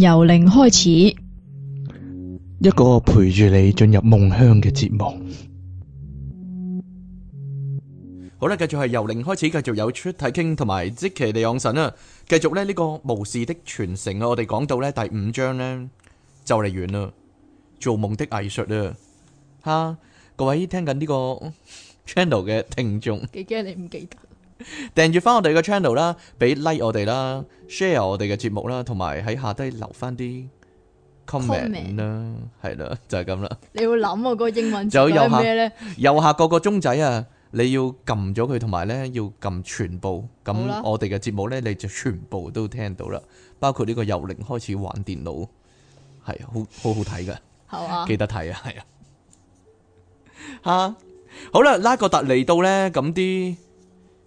由零開始，一個陪住你進入夢鄉嘅節目。好啦，繼續係由零開始，繼續有出體傾同埋即其地昂神啦。繼續咧、這、呢個巫士的傳承啊，我哋講到咧第五章咧就嚟完啦。做夢的藝術啊，哈！各位聽緊呢個 channel 嘅聽眾，幾驚你唔記得。訂閱翻我哋嘅 channel 啦，俾 like 我哋啦，share 我哋嘅節目啦，同埋喺下低留翻啲 comment 啦 Comment?，係啦、啊，那個、就係咁啦。你要諗啊，嗰個英文就有咩？咧，右下個個鐘仔啊，你要撳咗佢，同埋咧要撳全部，咁我哋嘅節目咧，你就全部都聽到啦，包括呢個由零開始玩電腦，係好好好睇噶，記得睇啊，係 啊，吓好啦，拉個特嚟到咧，咁啲。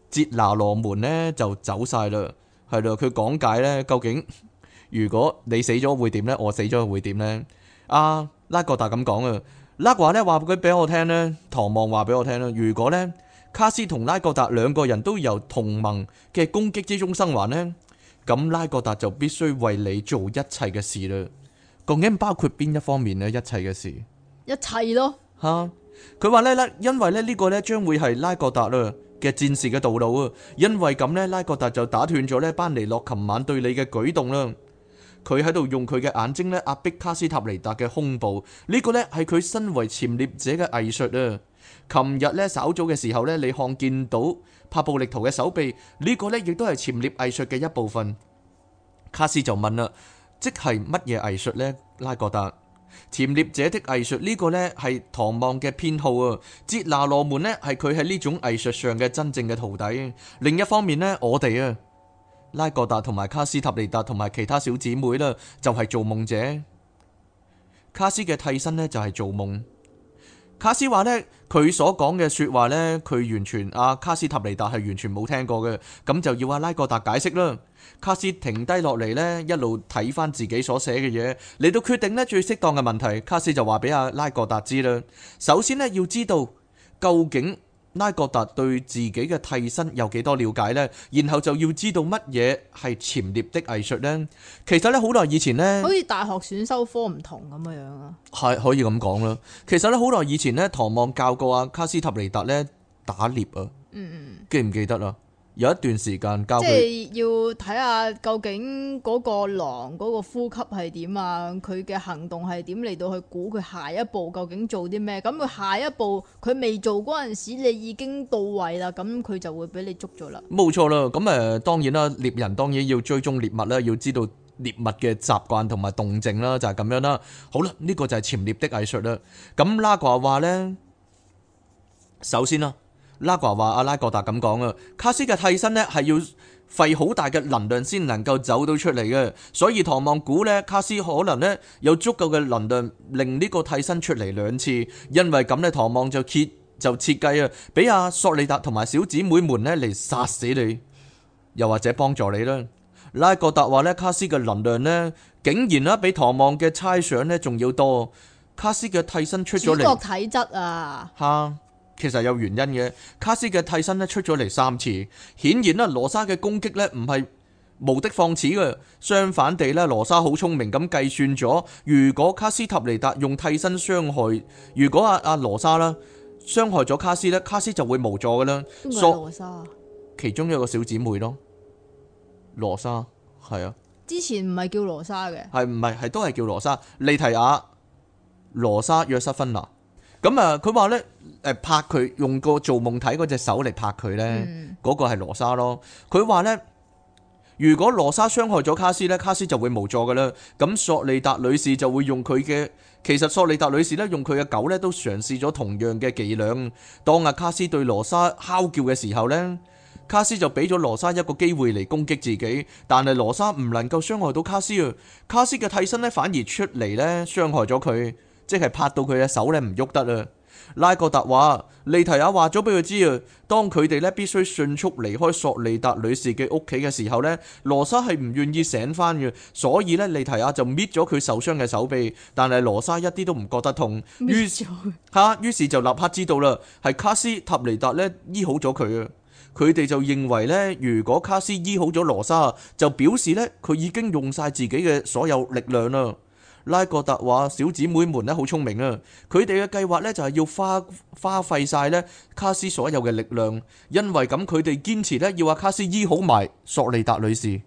捷拿羅門咧就走晒啦，係啦，佢講解咧究竟如果你死咗會點咧，我死咗會點咧？阿拉各達咁講啊，拉各華咧話佢俾我聽咧，唐望話俾我聽咧，如果咧卡斯同拉各達兩個人都由同盟嘅攻擊之中生還咧，咁拉各達就必須為你做一切嘅事啦。究竟包括邊一方面咧？一切嘅事，一切咯。吓，佢話咧咧，因為咧呢個咧將會係拉各達啦。嘅戰士嘅道路啊，因為咁呢，拉各達就打斷咗咧。班尼諾琴晚對你嘅舉動啦，佢喺度用佢嘅眼睛咧壓迫卡斯塔尼達嘅胸部。呢個呢，係佢身為潛獵者嘅藝術啊。琴日呢，稍早嘅時候呢，你看見到帕布力圖嘅手臂呢個呢，亦都係潛獵藝術嘅一部分。卡斯就問啦，即係乜嘢藝術呢，拉各達？潛獵者的藝術呢個呢，係唐望嘅偏好啊，捷拿羅門呢，係佢喺呢種藝術上嘅真正嘅徒弟。另一方面呢，我哋啊拉各達同埋卡斯塔尼達同埋其他小姐妹啦，就係、是、做夢者。卡斯嘅替身呢，就係做夢。卡斯話呢，佢所講嘅說話呢，佢完全阿、啊、卡斯塔尼達係完全冇聽過嘅，咁就要阿拉各達解釋啦。卡斯停低落嚟呢，一路睇翻自己所寫嘅嘢，嚟到決定呢，最適當嘅問題。卡斯就話俾阿拉各達知啦。首先呢，要知道究竟拉各達對自己嘅替身有幾多了解呢？然後就要知道乜嘢係潛獵的藝術呢？其實呢，好耐以前呢，好似大學選修科唔同咁嘅樣啊。係可以咁講啦。其實呢，好耐以前呢，唐望教過阿卡斯塔尼達呢，打獵啊。嗯嗯，記唔記得啊？有一段時間教佢，即係要睇下究竟嗰個狼嗰個呼吸係點啊，佢嘅行動係點嚟到去估佢下一步究竟做啲咩？咁佢下一步佢未做嗰陣時，你已經到位啦，咁佢就會俾你捉咗啦。冇錯啦，咁誒，當然啦，獵人當然要追蹤獵物啦，要知道獵物嘅習慣同埋動靜啦，就係咁樣啦。好啦，呢個就係潛獵的藝術啦。咁拉呱話呢，首先啦。拉哥達話：阿拉哥達咁講啊，卡斯嘅替身呢係要費好大嘅能量先能夠走到出嚟嘅，所以唐望估呢，卡斯可能呢有足夠嘅能量令呢個替身出嚟兩次，因為咁呢，唐望就設就設計啊，俾阿索利達同埋小姐妹們呢嚟殺死你，又或者幫助你啦。拉哥達話呢，卡斯嘅能量呢竟然呢比唐望嘅猜想呢仲要多，卡斯嘅替身出咗嚟。主角體質啊！嚇～其實有原因嘅，卡斯嘅替身咧出咗嚟三次，顯然啦。羅莎嘅攻擊呢唔係無的放矢嘅，相反地呢，羅莎好聰明咁計算咗，如果卡斯塔尼達用替身傷害，如果阿阿羅莎啦傷害咗卡斯呢，卡斯就會無助嘅啦。邊個係羅莎？其中一個小姐妹咯，羅莎係啊。之前唔係叫羅莎嘅，係唔係係都係叫羅莎？利提亞、羅莎、約瑟芬娜，咁啊，佢話呢。拍佢用個做夢睇嗰隻手嚟，拍佢呢，嗰、嗯、個係羅莎咯。佢話呢，如果羅莎傷害咗卡斯呢，卡斯就會無助噶啦。咁索利達女士就會用佢嘅，其實索利達女士呢，用佢嘅狗呢，都嘗試咗同樣嘅伎倆。當阿卡斯對羅莎敲叫嘅時候呢，卡斯就俾咗羅莎一個機會嚟攻擊自己，但係羅莎唔能夠傷害到卡斯啊。卡斯嘅替身呢，反而出嚟呢，傷害咗佢，即係拍到佢嘅手呢，唔喐得喇。拉個達話，利提亞話咗俾佢知啊，當佢哋咧必須迅速離開索利達女士嘅屋企嘅時候咧，羅莎係唔願意醒翻嘅，所以咧利提亞就搣咗佢受傷嘅手臂，但係羅莎一啲都唔覺得痛，吓，於是、啊、於是就立刻知道啦，係卡斯塔尼達咧醫好咗佢啊，佢哋就認為咧，如果卡斯醫好咗羅莎，就表示咧佢已經用曬自己嘅所有力量啦。拉各特話：小姐妹們呢好聰明啊！佢哋嘅計劃呢，就係要花花費晒呢卡斯所有嘅力量，因為咁佢哋堅持呢要阿卡斯醫好埋索利達女士。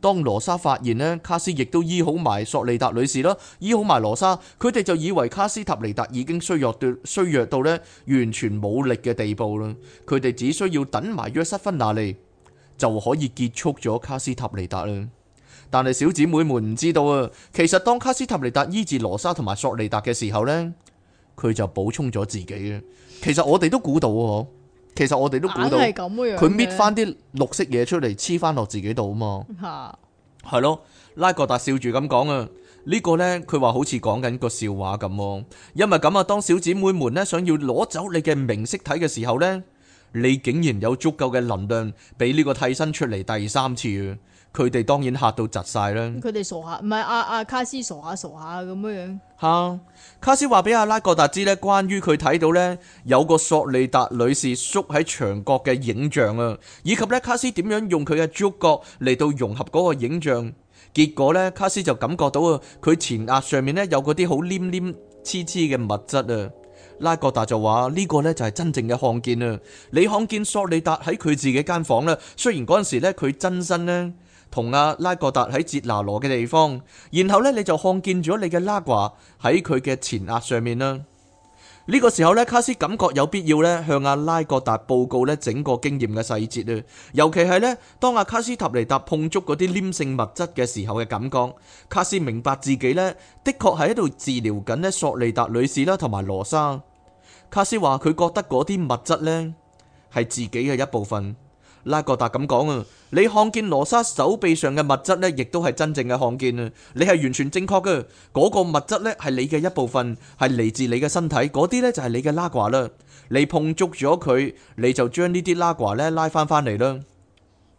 當羅莎發現呢，卡斯亦都醫好埋索利達女士啦，醫好埋羅莎，佢哋就以為卡斯塔尼達已經衰弱到衰弱到呢完全冇力嘅地步啦。佢哋只需要等埋約瑟芬娜利，就可以結束咗卡斯塔尼達啦。但係小姐妹們唔知道啊，其實當卡斯塔尼達醫治羅莎同埋索利達嘅時候呢，佢就補充咗自己啊。其實我哋都估到啊，其實我哋都估到，佢搣翻啲綠色嘢出嚟黐翻落自己度啊嘛。吓，係咯，拉格達笑住咁講啊。呢、呢個呢，佢話好似講緊個笑話咁。因為咁啊，當小姐妹們呢，想要攞走你嘅明色體嘅時候呢，你竟然有足夠嘅能量俾呢個替身出嚟第三次啊！佢哋當然嚇到窒晒啦！佢哋傻下，唔係阿阿卡斯傻下傻下咁樣樣。嚇、啊，卡斯話俾阿拉各達知咧，關於佢睇到咧有個索利達女士縮喺牆角嘅影像啊，以及咧卡斯點樣用佢嘅觸角嚟到融合嗰個影像。結果咧，卡斯就感覺到啊，佢前額上面咧有嗰啲好黏黏黐黐嘅物質啊。拉各達就話呢、呢個咧就係真正嘅看見啊！你看見索利達喺佢自己間房咧，雖然嗰陣時咧佢真身咧，同阿拉格達喺捷拿羅嘅地方，然後呢，你就看見咗你嘅拉瓜喺佢嘅前額上面啦。呢、這個時候呢，卡斯感覺有必要呢，向阿拉格達報告呢整個經驗嘅細節啊，尤其係呢，當阿卡斯塔尼達碰觸嗰啲黏性物質嘅時候嘅感覺。卡斯明白自己呢，的確係喺度治療緊呢索利達女士啦同埋羅莎。卡斯話佢覺得嗰啲物質呢，係自己嘅一部分。拉格達咁講啊，你看見羅莎手臂上嘅物質咧，亦都係真正嘅看見啊。你係完全正確嘅。嗰個物質咧，係你嘅一部分，係嚟自你嘅身體。嗰啲咧，就係你嘅拉瓜啦。你碰觸咗佢，你就將呢啲拉瓜咧拉翻翻嚟啦。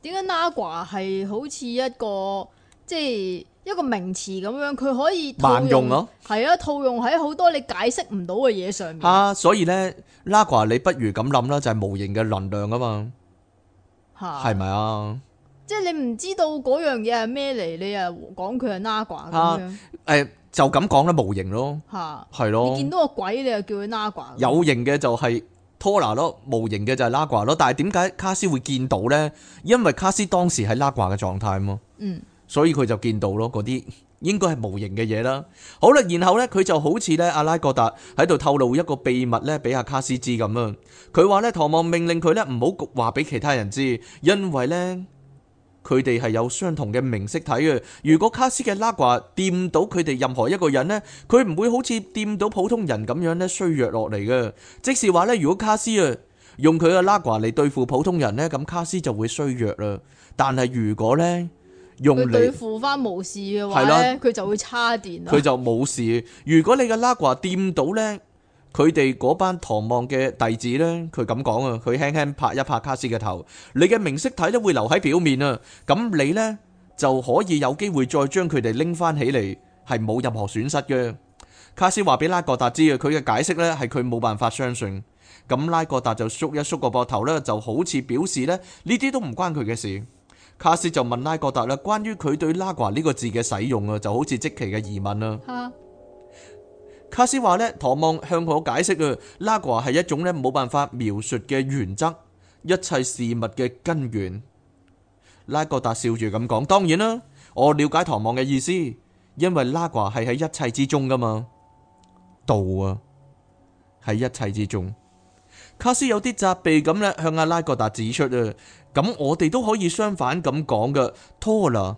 點解拉瓜係好似一個即係一個名詞咁樣？佢可以套用咯，係啊，套用喺好多你解釋唔到嘅嘢上面吓。所以咧，拉瓜你不如咁諗啦，就係無形嘅能量啊嘛。係咪啊？即係你唔知道嗰樣嘢係咩嚟，你啊講佢係納瓜咁樣。誒，就咁講啦，模型咯。吓，係咯。你見到個鬼，你又叫佢納瓜。有形嘅就係托拿咯，無形嘅就係納瓜咯。但係點解卡斯會見到咧？因為卡斯當時喺納瓜嘅狀態嘛。嗯。所以佢就見到咯嗰啲。應該係無形嘅嘢啦。好啦，然後呢，佢就好似呢阿拉戈達喺度透露一個秘密呢，俾阿卡斯知咁樣。佢話呢，唐望命令佢呢唔好話俾其他人知，因為呢，佢哋係有相同嘅明識體嘅。如果卡斯嘅拉瓜掂到佢哋任何一個人呢，佢唔會好似掂到普通人咁樣呢，衰弱落嚟嘅。即是話呢，如果卡斯啊用佢嘅拉瓜嚟對付普通人呢，咁卡斯就會衰弱啦。但係如果呢……用嚟對付翻無事嘅話咧，佢的就會差電。佢就冇事。如果你嘅拉呱掂到呢，佢哋嗰班唐望嘅弟子呢，佢咁講啊，佢輕輕拍一拍卡斯嘅頭。你嘅明色體都會留喺表面啊，咁你呢，就可以有機會再將佢哋拎翻起嚟，係冇任何損失嘅。卡斯話俾拉國達知啊，佢嘅解釋呢係佢冇辦法相信。咁拉國達就縮一縮個膊頭咧，就好似表示呢，呢啲都唔關佢嘅事。卡斯就問拉格達啦，關於佢對拉瓜呢個字嘅使用啊，就好似積奇嘅疑問啊。卡斯話呢，唐望向我解釋啊，拉瓜係一種咧冇辦法描述嘅原則，一切事物嘅根源。拉格達笑住咁講，當然啦，我了解唐望嘅意思，因為拉瓜係喺一切之中噶嘛，道啊喺一切之中。卡斯有啲責備咁咧，向阿拉格達指出啊。咁我哋都可以相反咁講噶，拖啦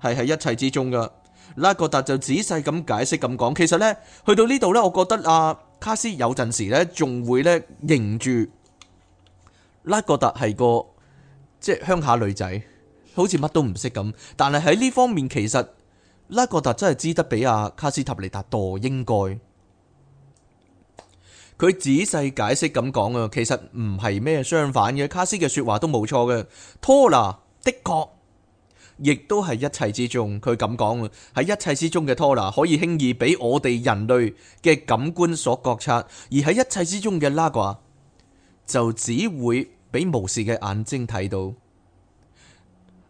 係喺一切之中噶。拉格達就仔細咁解釋咁講，其實呢，去到呢度呢，我覺得阿、啊、卡斯有陣時呢仲會呢認住拉格達係個即係鄉下女仔，好似乜都唔識咁。但係喺呢方面，其實拉格達真係知得比阿卡斯塔尼達多應該。佢仔細解釋咁講啊，其實唔係咩相反嘅，卡斯嘅說話都冇錯嘅。托拿的確，亦都係一切之中。佢咁講啊，喺一切之中嘅托拿可以輕易俾我哋人類嘅感官所覺察，而喺一切之中嘅拉瓜就只會俾巫士嘅眼睛睇到。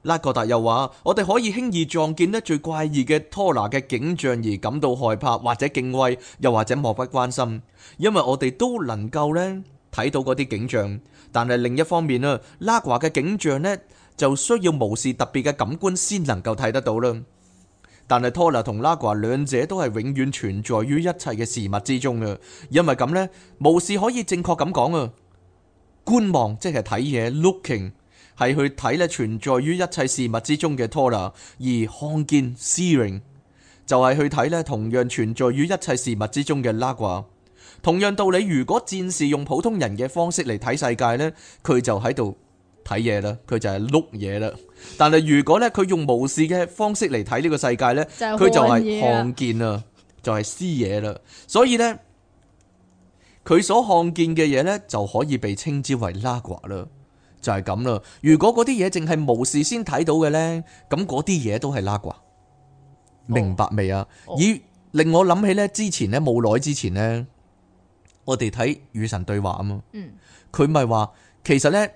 拉格達又話：我哋可以輕易撞見呢最怪異嘅拖拿嘅景象而感到害怕或者敬畏，又或者漠不關心，因為我哋都能夠呢睇到嗰啲景象。但係另一方面啊，拉瓜嘅景象呢，就需要巫士特別嘅感官先能夠睇得到啦。但係拖拿同拉瓜兩者都係永遠存在於一切嘅事物之中嘅，因為咁呢，巫士可以正確咁講啊，觀望即係睇嘢，looking。係去睇咧存在於一切事物之中嘅拖啦，而看見 seeing 就係去睇咧同樣存在於一切事物之中嘅拉掛。同樣道理，如果戰士用普通人嘅方式嚟睇世界呢，佢就喺度睇嘢啦，佢就係碌嘢啦。但係如果咧佢用無視嘅方式嚟睇呢個世界呢，佢就係看見啦，就係思嘢啦。所以呢，佢所看見嘅嘢呢，就可以被稱之為拉掛啦。就係咁啦，如果嗰啲嘢淨係無事先睇到嘅呢，咁嗰啲嘢都係拉呱。明白未啊？而、oh. oh. 令我諗起呢，之前呢，冇耐之前呢，我哋睇與神對話啊嘛。佢咪話其實呢，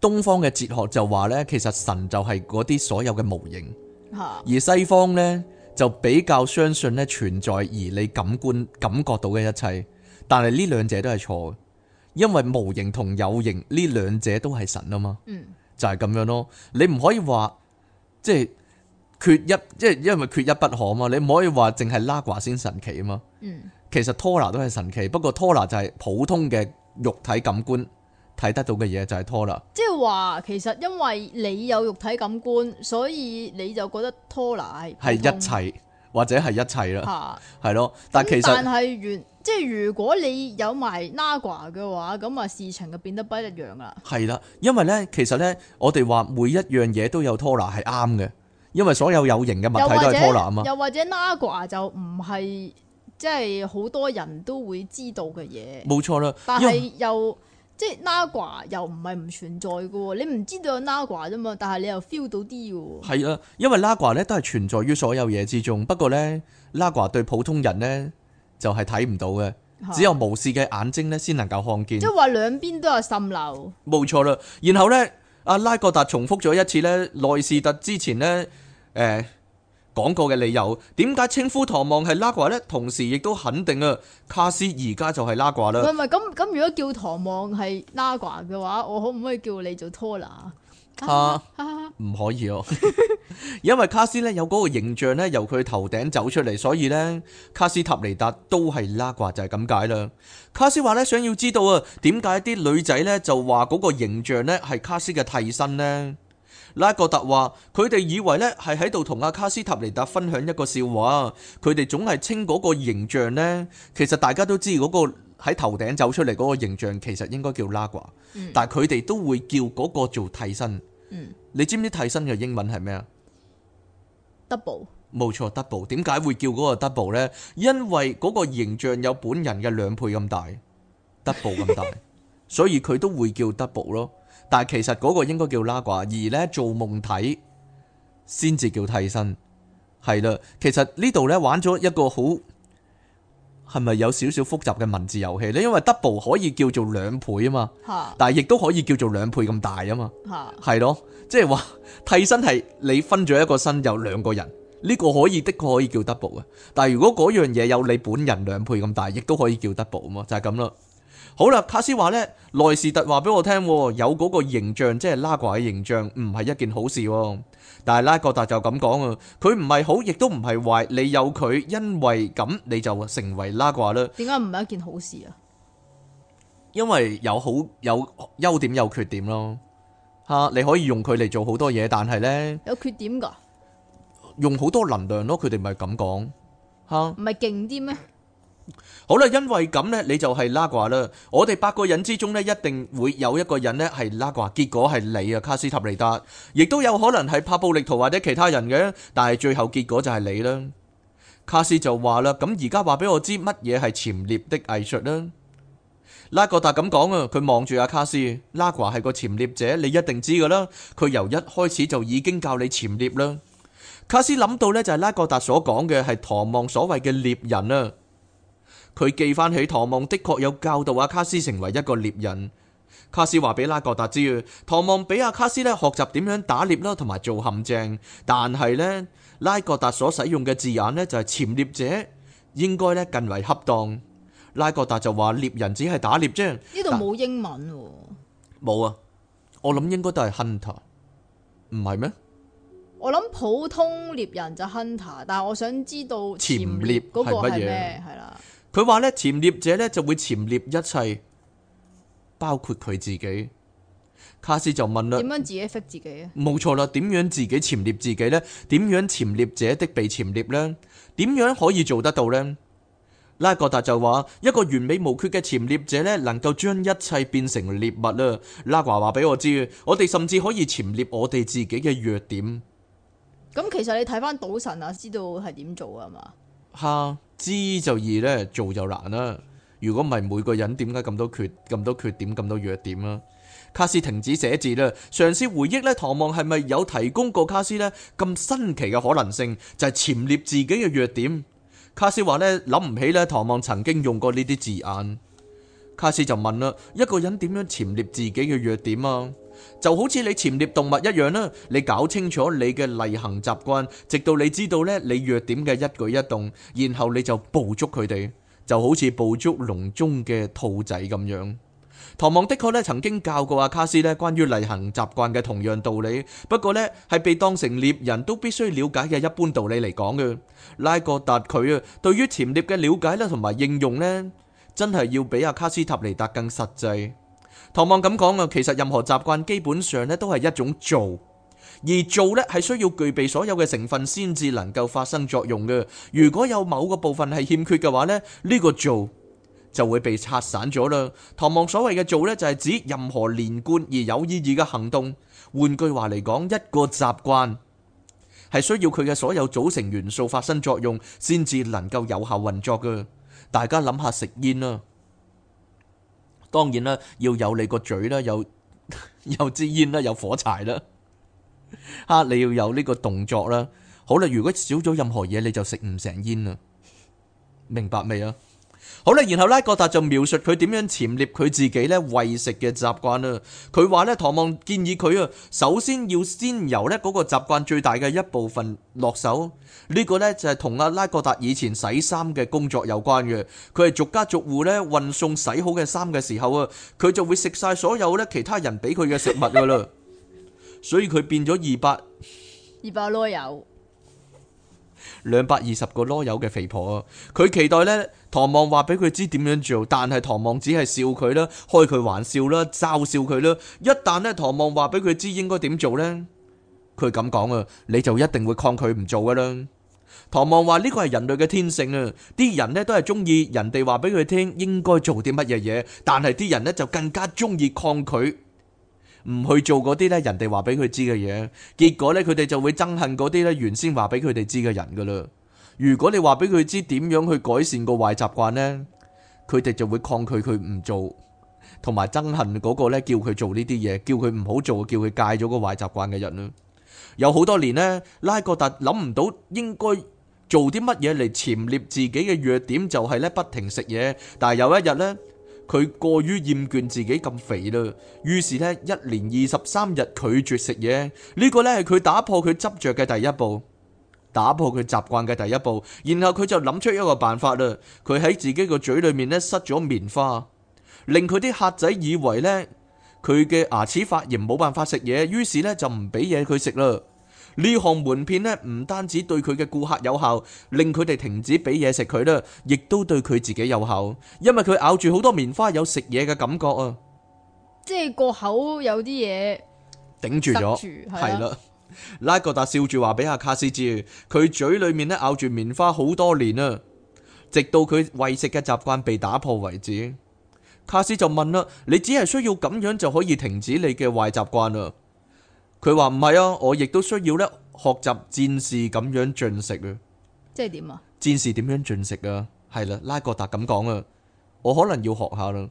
東方嘅哲學就話呢，其實神就係嗰啲所有嘅模型。而西方呢，就比較相信呢，存在而你感官感覺到嘅一切，但係呢兩者都係錯。因為無形同有形呢兩者都係神啊嘛，嗯、就係咁樣咯。你唔可以話即係缺一，即係因為缺一不可嘛。你唔可以話淨係拉卦先神奇啊嘛。嗯、其實拖拿都係神奇，不過拖拿就係普通嘅肉體感官，睇得到嘅嘢就係拖拿。即係話其實因為你有肉體感官，所以你就覺得拖拿係係一切。或者係一切啦，係、啊、咯，但其實，但係是原，即係如果你有埋 Naga 嘅話，咁啊事情就變得不一樣啦。係啦，因為咧，其實咧，我哋話每一樣嘢都有拖拿係啱嘅，因為所有有形嘅物體都係拖拿啊嘛。又或者 Naga 嘛就唔係即係好多人都會知道嘅嘢。冇錯啦，但係又。呃即係拉瓜又唔係唔存在嘅喎，你唔知道有拉瓜啫嘛，但係你又 feel 到啲喎。係啊，因為拉瓜咧都係存在於所有嘢之中，不過咧拉瓜對普通人咧就係睇唔到嘅，只有無視嘅眼睛咧先能夠看見。啊、即係話兩邊都有滲漏。冇錯啦。然後咧，阿拉國達重複咗一次咧，內士特之前咧，誒、呃。講過嘅理由，點解稱呼唐望係拉瓜呢？同時亦都肯定啊，卡斯而家就係拉瓜啦。唔係唔係，咁咁如果叫唐望係拉瓜嘅話，我可唔可以叫你做拖拿啊？唔可以哦，因為卡斯呢有嗰個形象呢，由佢頭頂走出嚟，所以呢，卡斯塔尼達都係拉瓜就係咁解啦。卡斯話呢，想要知道啊，點解啲女仔呢就話嗰個形象呢係卡斯嘅替身呢？拉格特話：佢哋以為呢係喺度同阿卡斯塔尼達分享一個笑話，佢哋、嗯、總係稱嗰個形象呢。其實大家都知嗰個喺頭頂走出嚟嗰個形象，其實應該叫拉掛，嗯、但係佢哋都會叫嗰個做替身。嗯、你知唔知替身嘅英文係咩啊？Double 冇錯，double 點解會叫嗰個 double 呢？因為嗰個形象有本人嘅兩倍咁大，double 咁大，大 所以佢都會叫 double 咯。但係其實嗰個應該叫拉掛，而呢做夢體先至叫替身，係啦。其實呢度呢玩咗一個好係咪有少少複雜嘅文字遊戲呢？因為 double 可以叫做兩倍啊嘛，但係亦都可以叫做兩倍咁大啊嘛，係咯，即係話替身係你分咗一個身有兩個人，呢個可以的確可以叫 double 嘅。但係如果嗰樣嘢有你本人兩倍咁大，亦都可以叫 double 啊嘛，就係咁咯。好啦，卡斯話呢，內士特話俾我聽，有嗰個形象，即係拉掛嘅形象，唔係一件好事。但係拉各達就咁講啊，佢唔係好，亦都唔係壞。你有佢，因為咁你就成為拉掛啦。點解唔係一件好事啊？因為有好有優點有缺點咯。吓，你可以用佢嚟做好多嘢，但係呢，有缺點噶，用好多能量咯。佢哋唔係咁講吓，唔係勁啲咩？好啦，因為咁呢，你就係拉掛啦。我哋八個人之中呢，一定會有一個人呢係拉掛。結果係你啊，卡斯塔尼達，亦都有可能係拍暴力圖或者其他人嘅，但係最後結果就係你啦。卡斯就話啦，咁而家話俾我知乜嘢係潛獵的藝術啦。拉格達咁講啊，佢望住阿卡斯，拉掛係個潛獵者，你一定知噶啦。佢由一開始就已經教你潛獵啦。卡斯諗到呢，就係拉格達所講嘅係唐望所謂嘅獵人啊。佢記返起，唐望的確有教導阿卡斯成為一個獵人。卡斯話俾拉各達知唐望俾阿卡斯咧學習點樣打獵啦，同埋做陷阱。但係呢，拉各達所使用嘅字眼呢，就係潛獵者，應該呢，更為恰當。拉各達就話獵人只係打獵啫。呢度冇英文喎，冇啊。我諗應該都係 Hunter，唔係咩？我諗普通獵人就 Hunter，但係我想知道潛獵嗰個係咩？係啦。佢話咧，潛獵者咧就會潛獵一切，包括佢自己。卡斯就問啦，點樣自己識自己啊？冇錯啦，點樣自己潛獵自己呢？點樣潛獵者的被潛獵呢？點樣可以做得到呢？」拉格達就話，一個完美無缺嘅潛獵者咧，能夠將一切變成獵物啦。拉華話俾我知，我哋甚至可以潛獵我哋自己嘅弱點。咁其實你睇翻賭神啊，知道係點做啊嘛？哈、啊，知就易咧，做就難啦。如果唔係每個人，點解咁多缺、咁多缺點、咁多弱點啦？卡斯停止寫字啦，嘗試回憶咧。唐望係咪有提供過卡斯呢咁新奇嘅可能性？就係、是、潛獵自己嘅弱點。卡斯話呢，諗唔起呢唐望曾經用過呢啲字眼。卡斯就問啦：一個人點樣潛獵自己嘅弱點啊？就好似你潛獵動物一樣啦，你搞清楚你嘅例行習慣，直到你知道咧你弱點嘅一舉一動，然後你就捕捉佢哋，就好似捕捉籠中嘅兔仔咁樣。唐望的確咧曾經教過阿卡斯咧關於例行習慣嘅同樣道理，不過咧係被當成獵人都必須了解嘅一般道理嚟講嘅。拉哥達佢啊，對於潛獵嘅了解啦同埋應用咧，真係要比阿卡斯塔尼達更實際。唐望咁講啊，其實任何習慣基本上呢都係一種做，而做呢係需要具備所有嘅成分先至能夠發生作用嘅。如果有某個部分係欠缺嘅話呢，呢、呢個做就會被拆散咗啦。唐望所謂嘅做呢，就係指任何連貫而有意義嘅行動。換句話嚟講，一個習慣係需要佢嘅所有組成元素發生作用先至能夠有效運作嘅。大家諗下食煙啊。當然啦，要有你個嘴啦，有有支煙啦，有火柴啦，啊， 你要有呢個動作啦。好啦，如果少咗任何嘢，你就食唔成煙啦。明白未啊？好啦，然後拉葛達就描述佢點樣潛獵佢自己咧餵食嘅習慣啦。佢話咧，唐望建議佢啊，首先要先由呢嗰個習慣最大嘅一部分落手。呢、這個呢，就係同阿拉葛達以前洗衫嘅工作有關嘅。佢係逐家逐戶呢運送洗好嘅衫嘅時候啊，佢就會食晒所有呢其他人俾佢嘅食物噶啦。 所以佢變咗二百，二百囉柚。兩百二十個籮柚嘅肥婆，佢期待呢唐望話俾佢知點樣做，但係唐望只係笑佢啦，開佢玩笑啦，嘲笑佢啦。一旦呢唐望話俾佢知應該點做呢，佢咁講啊，你就一定會抗拒唔做㗎啦。唐望話呢個係人類嘅天性啊，啲人呢都係中意人哋話俾佢聽應該做啲乜嘢嘢，但係啲人呢就更加中意抗拒。唔去做嗰啲咧，人哋話俾佢知嘅嘢，結果咧佢哋就會憎恨嗰啲咧原先話俾佢哋知嘅人噶啦。如果你話俾佢知點樣去改善個壞習慣呢，佢哋就會抗拒佢唔做，同埋憎恨嗰個咧叫佢做呢啲嘢，叫佢唔好做，叫佢戒咗個壞習慣嘅人啦。有好多年呢，拉各達諗唔到應該做啲乜嘢嚟潛獵自己嘅弱點，就係咧不停食嘢。但係有一日呢。佢過於厭倦自己咁肥嘞。於是呢，一年二十三日拒絕食嘢，呢個呢，係佢打破佢執着嘅第一步，打破佢習慣嘅第一步，然後佢就諗出一個辦法啦，佢喺自己個嘴裏面咧塞咗棉花，令佢啲客仔以為呢，佢嘅牙齒發炎冇辦法食嘢，於是呢，就唔俾嘢佢食嘞。呢項門片咧，唔單止對佢嘅顧客有效，令佢哋停止俾嘢食佢啦，亦都對佢自己有效，因為佢咬住好多棉花有食嘢嘅感覺住啊！即係個口有啲嘢頂住咗，係啦。拉格達笑住話俾阿卡斯知，佢嘴裏面咧咬住棉花好多年啦，直到佢餵食嘅習慣被打破為止。卡斯就問啦：你只係需要咁樣就可以停止你嘅壞習慣啊？佢話唔係啊，我亦都需要咧學習戰士咁樣進食啊！即係點啊？戰士點樣進食啊？係啦，拉葛達咁講啊，我可能要學下啦。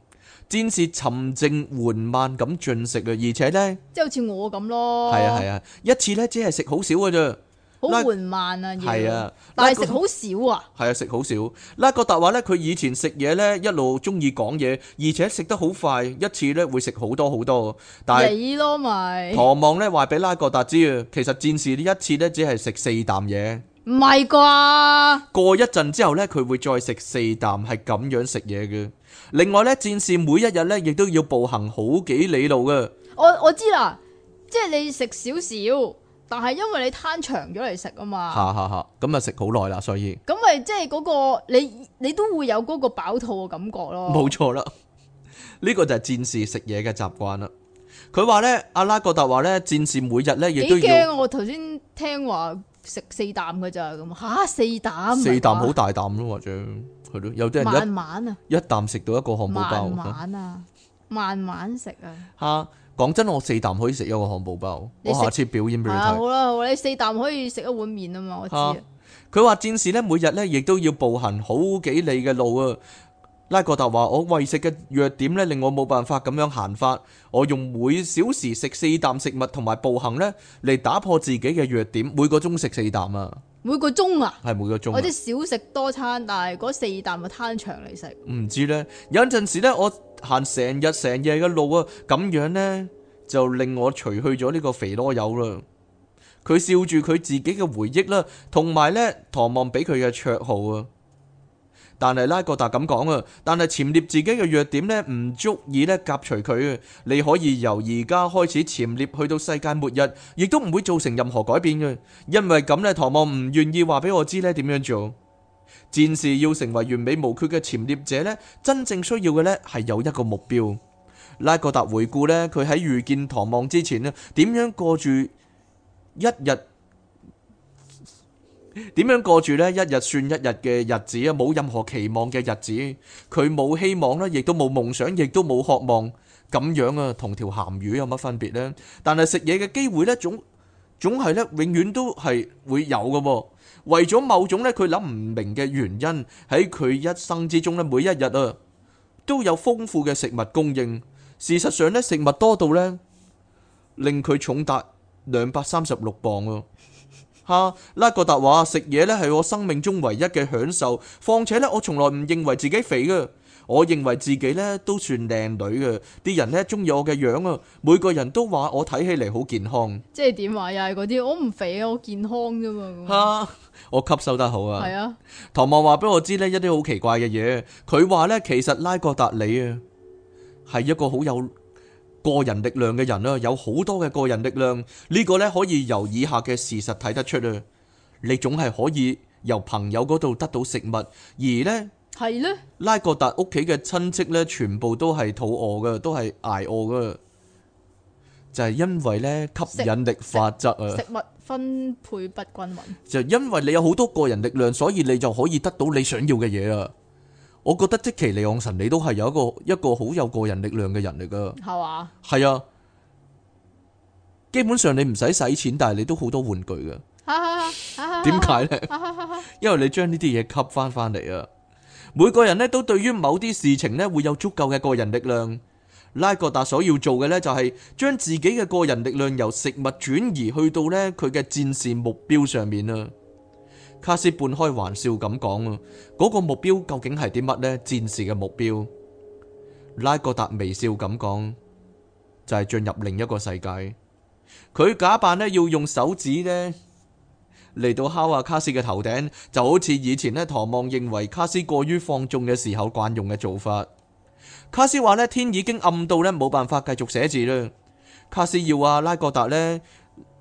戰士沉靜緩慢咁進食啊，而且咧，即係好似我咁咯。係啊係啊，一次咧只係食好少嘅啫。好緩拉慢啊！係啊，但係食好少啊！係啊，食好少。拉格達話呢，佢以前食嘢呢，一路中意講嘢，而且食得好快，一次呢會食好多好多。但你咯，咪，哎？唐望呢？話俾拉格達知啊，其實戰士呢一次呢，只係食四啖嘢。唔係啩？過一陣之後呢，佢會再食四啖，係咁樣食嘢嘅。另外呢，戰士每一日呢，亦都要步行好幾里路嘅。我我知啦，即係你食少少。但係因為你攤長咗嚟食啊嘛，吓吓吓，咁啊食好耐啦，所以咁咪即係嗰、那個你你都會有嗰個飽肚嘅感覺咯，冇錯啦，呢、這個就係戰士食嘢嘅習慣啦。佢話咧，阿拉戈達話咧，戰士每日咧亦都要。點驚？我頭先聽話食四啖嘅咋咁吓？四啖，四啖好大啖咯，或者係咯，有啲人慢慢、啊、一一啖食到一個漢堡包。慢慢啊，慢慢食啊。吓、啊。講真，我四啖可以食一個漢堡包，吃我下次表演俾你睇，啊。好啦，你四啖可以食一碗麵啊嘛，我知。佢話、啊、戰士呢每日呢亦都要步行好幾里嘅路啊。拉格達話：我餵食嘅弱點呢令我冇辦法咁樣行法。我用每小時食四啖食物同埋步行呢嚟打破自己嘅弱點。每個鐘食四啖啊！每個鐘啊，係每個鐘、啊，或者少食多餐，但係嗰四啖咪攤長嚟食。唔知呢，有陣時呢，我行成日成夜嘅路啊，咁樣呢，就令我除去咗呢個肥囉柚啦。佢笑住佢自己嘅回憶啦，同埋呢，唐望俾佢嘅綽號啊。但係拉格達咁講啊，但係潛獵自己嘅弱點呢，唔足以呢夾除佢啊！你可以由而家開始潛獵去到世界末日，亦都唔會造成任何改變嘅，因為咁呢，唐望唔願意話俾我知呢點樣做。戰士要成為完美無缺嘅潛獵者呢，真正需要嘅呢係有一個目標。拉格達回顧呢，佢喺遇見唐望之前呢，點樣過住一日？點樣過住呢？一日算一日嘅日子啊，冇任何期望嘅日子，佢冇希望啦，亦都冇夢想，亦都冇渴望咁樣啊，同條鹹魚有乜分別呢？但係食嘢嘅機會呢，總總係呢，永遠都係會有噶。為咗某種呢，佢諗唔明嘅原因，喺佢一生之中呢，每一日啊，都有豐富嘅食物供應。事實上呢，食物多到呢，令佢重達兩百三十六磅啊。哈！拉格達話食嘢呢係我生命中唯一嘅享受，況且呢，我從來唔認為自己肥嘅，我認為自己呢都算靚女嘅，啲人呢中意我嘅樣啊，每個人都話我睇起嚟，好健康。即係點話又係嗰啲，我唔肥啊，我健康啫嘛。吓，我吸收得好啊。係啊，唐望話俾我知呢一啲好奇怪嘅嘢，佢話呢，其實拉格達你啊係一個好有。個人力量嘅人呢，有好多嘅個人力量，呢個呢可以由以下嘅事實睇得出啊。你總係可以由朋友嗰度得到食物，而呢係呢拉各達屋企嘅親戚呢，全部都係肚餓嘅，都係挨餓嘅，就係因為呢吸引力法則啊，食物分配不均勻，就因為你有好多個人力量，所以你就可以得到你想要嘅嘢啊。我覺得即其李昂臣你都係有一個一個好有個人力量嘅人嚟噶，係嘛？係啊，基本上你唔使使錢，但係你都好多玩具噶。點解咧？因為你將呢啲嘢吸翻翻嚟啊！每個人咧都對於某啲事情咧會有足夠嘅個人力量。拉格達所要做嘅咧就係將自己嘅個人力量由食物轉移去到咧佢嘅戰線目標上面啊！卡斯半開玩笑咁講，嗰個目標究竟係啲乜呢？戰士嘅目標。拉各達微笑咁講，就係進入另一個世界。佢假扮呢要用手指呢嚟到敲下卡斯嘅頭頂，就好似以前呢唐望認為卡斯過於放縱嘅時候慣用嘅做法。卡斯話呢天已經暗到呢冇辦法繼續寫字啦。卡斯要啊拉各達呢。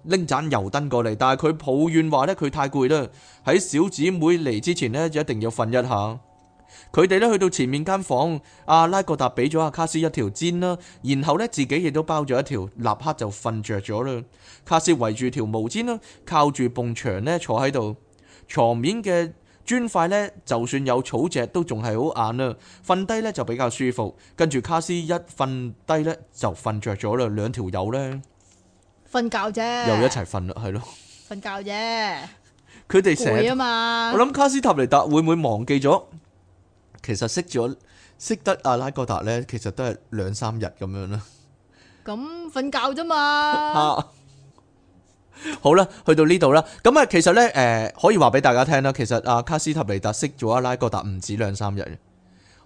拎盞油燈過嚟，但係佢抱怨話呢，佢太攰啦。喺小姊妹嚟之前呢，就一定要瞓一下。佢哋呢，去到前面間房，阿拉哥達俾咗阿卡斯一條氈啦，然後呢，自己亦都包咗一條，立刻就瞓着咗啦。卡斯圍住條毛氈啦，靠住埲牆呢坐喺度，床面嘅磚塊呢，就算有草席都仲係好硬啦。瞓低呢就比較舒服，跟住卡斯一瞓低呢，就瞓着咗啦，兩條友呢。瞓覺啫，又一齊瞓啦，係咯，瞓覺啫。佢哋成日啊嘛，我諗卡斯塔尼達會唔會忘記咗？其實識咗識得阿拉哥達咧，其實都係兩三日咁樣啦。咁瞓覺啫嘛。啊，好啦，去到呢度啦。咁啊，其實咧，誒，可以話俾大家聽啦。其實阿卡斯塔尼達識咗阿拉哥達唔止兩三日嘅，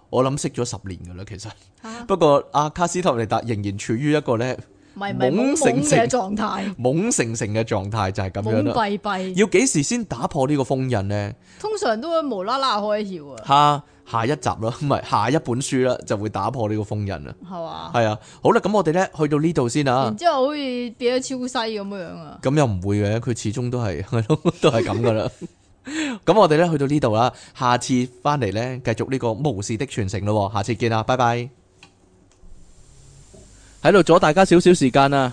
我諗識咗十年噶啦。其實，不過阿卡斯塔尼達仍然處於一個咧。懵醒嘅狀態，懵成成嘅狀態就係咁樣啦。壞壞要幾時先打破呢個封印呢？通常都會無啦啦開竅啊！哈，下一集啦，唔係下一本書啦，就會打破呢個封印啦。係嘛吧？係啊，好啦，咁我哋咧去到呢度先啊。然之後好似變咗超西咁樣啊？咁又唔會嘅，佢始終都係都都係咁噶啦。咁 我哋咧去到呢度啦，下次翻嚟咧，繼續呢個巫士的傳承咯。下次見啦，拜拜。喺度阻大家少少時間啊！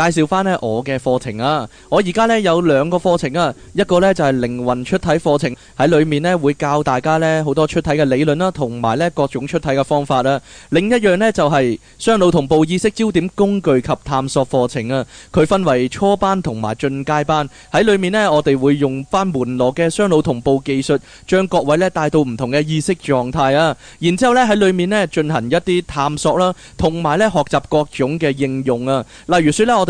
介紹翻呢我嘅課程啊！我而家呢有兩個課程啊，一個呢就係靈魂出體課程，喺裡面呢會教大家呢好多出體嘅理論啦，同埋呢各種出體嘅方法啦。另一樣呢就係雙腦同步意識焦點工具及探索課程啊。佢分為初班同埋進階班，喺裡面呢我哋會用返門羅嘅雙腦同步技術，將各位呢帶到唔同嘅意識狀態啊。然之後呢喺裡面呢進行一啲探索啦，同埋呢學習各種嘅應用啊。例如説呢我，